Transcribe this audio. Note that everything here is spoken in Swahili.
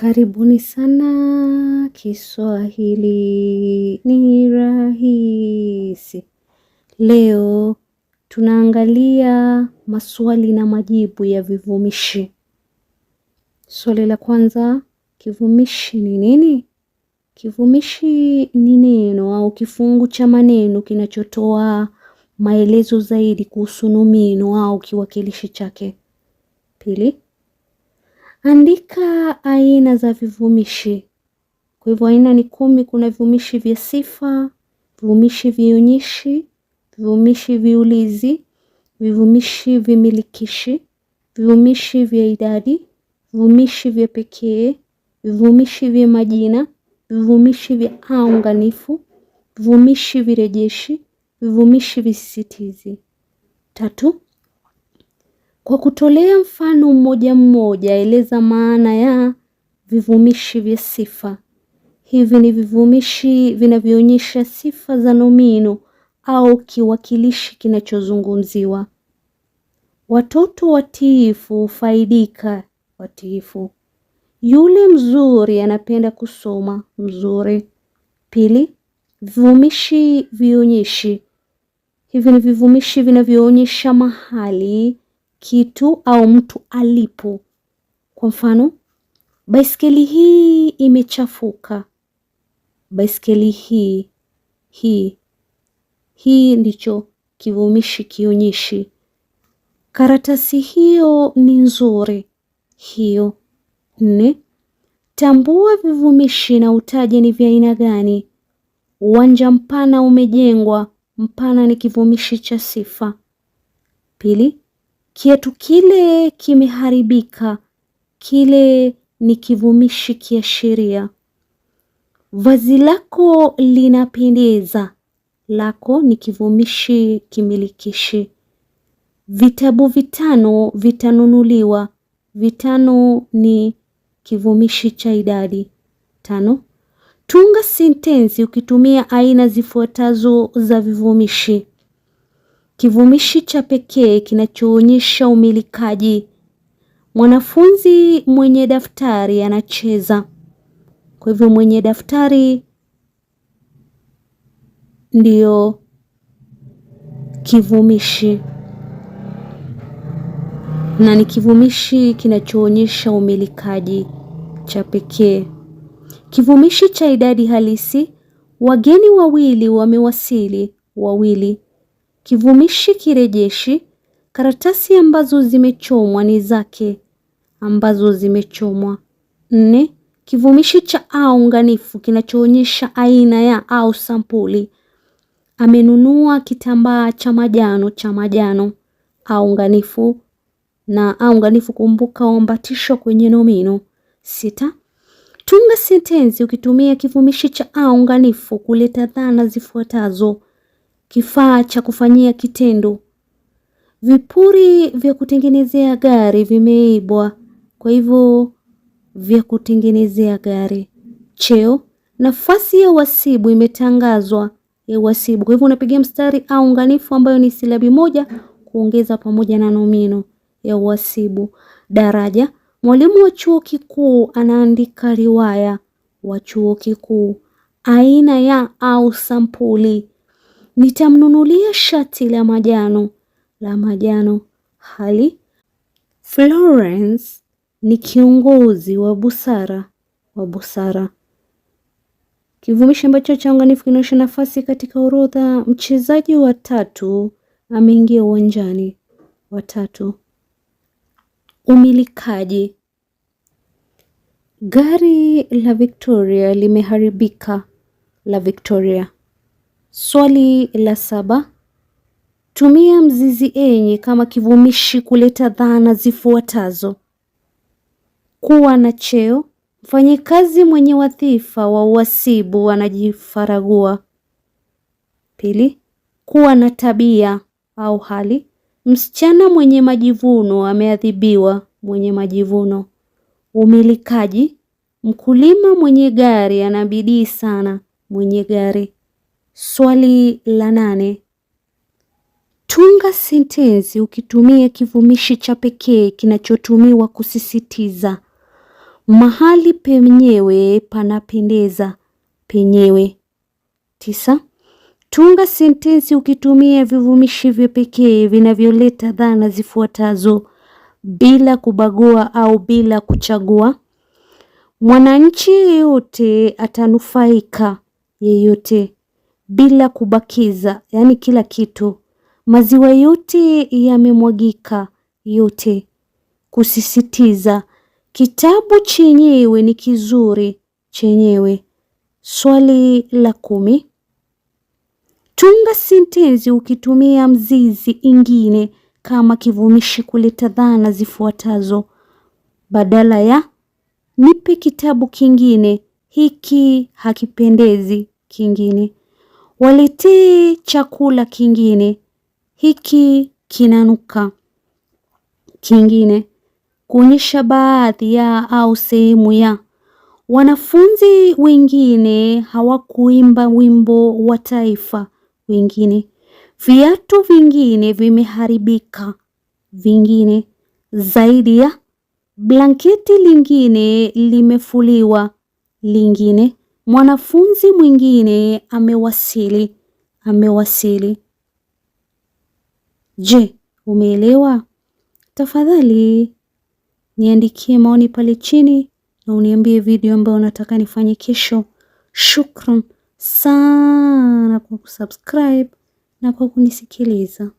Karibuni sana Kiswahili ni rahisi. Leo tunaangalia maswali na majibu ya vivumishi. Swali la kwanza, kivumishi ni nini? Kivumishi ni neno au kifungu cha maneno kinachotoa maelezo zaidi kuhusu nomino au kiwakilishi chake. Pili, Andika aina za vivumishi. Kwa hivyo aina ni kumi. Kuna vivumishi vya sifa, vivumishi vionyeshi, vivumishi viulizi, vivumishi vimilikishi, vivumishi vya idadi, vivumishi vya pekee, vivumishi vya majina, vivumishi vya aunganifu, vivumishi virejeshi, vivumishi visisitizi. Tatu, kwa kutolea mfano mmoja mmoja, eleza maana ya vivumishi vya sifa. Hivi ni vivumishi vinavyoonyesha sifa za nomino au kiwakilishi kinachozungumziwa. Watoto watiifu hufaidika watiifu. Yule mzuri anapenda kusoma mzuri. Pili, vivumishi vionyeshi. Hivi ni vivumishi vinavyoonyesha mahali kitu au mtu alipo. Kwa mfano, baiskeli hii imechafuka, baiskeli hii hii. Hii ndicho kivumishi kionyeshi. Karatasi hiyo ni nzuri, hiyo. Nne, tambua vivumishi na utaje ni vya aina gani. Uwanja mpana umejengwa, mpana ni kivumishi cha sifa. Pili, Kietu kile kimeharibika, kile ni kivumishi kiashiria. Vazi lako linapendeza, lako ni kivumishi kimilikishi. Vitabu vitano vitanunuliwa, vitano ni kivumishi cha idadi tano. Tunga sentensi ukitumia aina zifuatazo za vivumishi kivumishi cha pekee kinachoonyesha umilikaji. Mwanafunzi mwenye daftari anacheza. Kwa hivyo mwenye daftari ndio kivumishi na ni kivumishi kinachoonyesha umilikaji cha pekee. Kivumishi cha idadi halisi: wageni wawili wamewasili. Wawili kivumishi kirejeshi, karatasi ambazo zimechomwa ni zake, ambazo zimechomwa. Nne, kivumishi cha aunganifu kinachoonyesha aina ya au sampuli. Amenunua kitambaa cha majano cha majano, aunganifu na aunganifu Kumbuka uambatisho kwenye nomino. Sita, tunga sentensi ukitumia kivumishi cha aunganifu kuleta dhana zifuatazo: kifaa cha kufanyia kitendo. Vipuri vya kutengenezea gari vimeibwa, kwa hivyo vya kutengenezea gari. Cheo, nafasi ya uhasibu imetangazwa ya uhasibu. Kwa hivyo unapiga mstari au ah, unganifu ambayo ni silabi moja kuongeza pamoja na nomino ya uhasibu. Daraja, mwalimu wa chuo kikuu anaandika riwaya wa chuo kikuu. Aina ya au sampuli Nitamnunulia shati la majano la majano. Hali Florence ni kiongozi wa busara wa busara. Kivumishi ambacho changanifu kinaonyesha nafasi katika orodha. Mchezaji wa tatu ameingia uwanjani, watatu. Umilikaji. Gari la Victoria limeharibika, la Victoria. Swali la saba. Tumia mzizi enye kama kivumishi kuleta dhana zifuatazo: kuwa na cheo, mfanyikazi mwenye wadhifa wa uhasibu anajifaragua. Pili, kuwa na tabia au hali, msichana mwenye majivuno ameadhibiwa, mwenye majivuno. Umilikaji, mkulima mwenye gari anabidii sana, mwenye gari. Swali la nane. Tunga sentensi ukitumia kivumishi cha pekee kinachotumiwa kusisitiza. Mahali penyewe panapendeza penyewe. Tisa. Tunga sentensi ukitumia vivumishi vya pekee vinavyoleta dhana zifuatazo bila kubagua au bila kuchagua. Mwananchi yeyote atanufaika yeyote bila kubakiza, yaani kila kitu. Maziwa yote yamemwagika yote. Kusisitiza, kitabu chenyewe ni kizuri chenyewe. Swali la kumi. Tunga sentensi ukitumia mzizi ingine kama kivumishi kuleta dhana zifuatazo: badala ya nipe kitabu kingine, hiki hakipendezi, kingine walitii chakula kingine, hiki kinanuka kingine, kuonyesha baadhi ya au sehemu ya. Wanafunzi wengine hawakuimba wimbo wa taifa, wengine. Viatu vingine vimeharibika, vingine. Zaidi ya. Blanketi lingine limefuliwa, lingine. Mwanafunzi mwingine amewasili. Amewasili. Je, umeelewa? Tafadhali niandikie maoni pale chini na uniambie video ambayo unataka nifanye kesho. Shukran sana kwa kusubscribe na kwa kunisikiliza.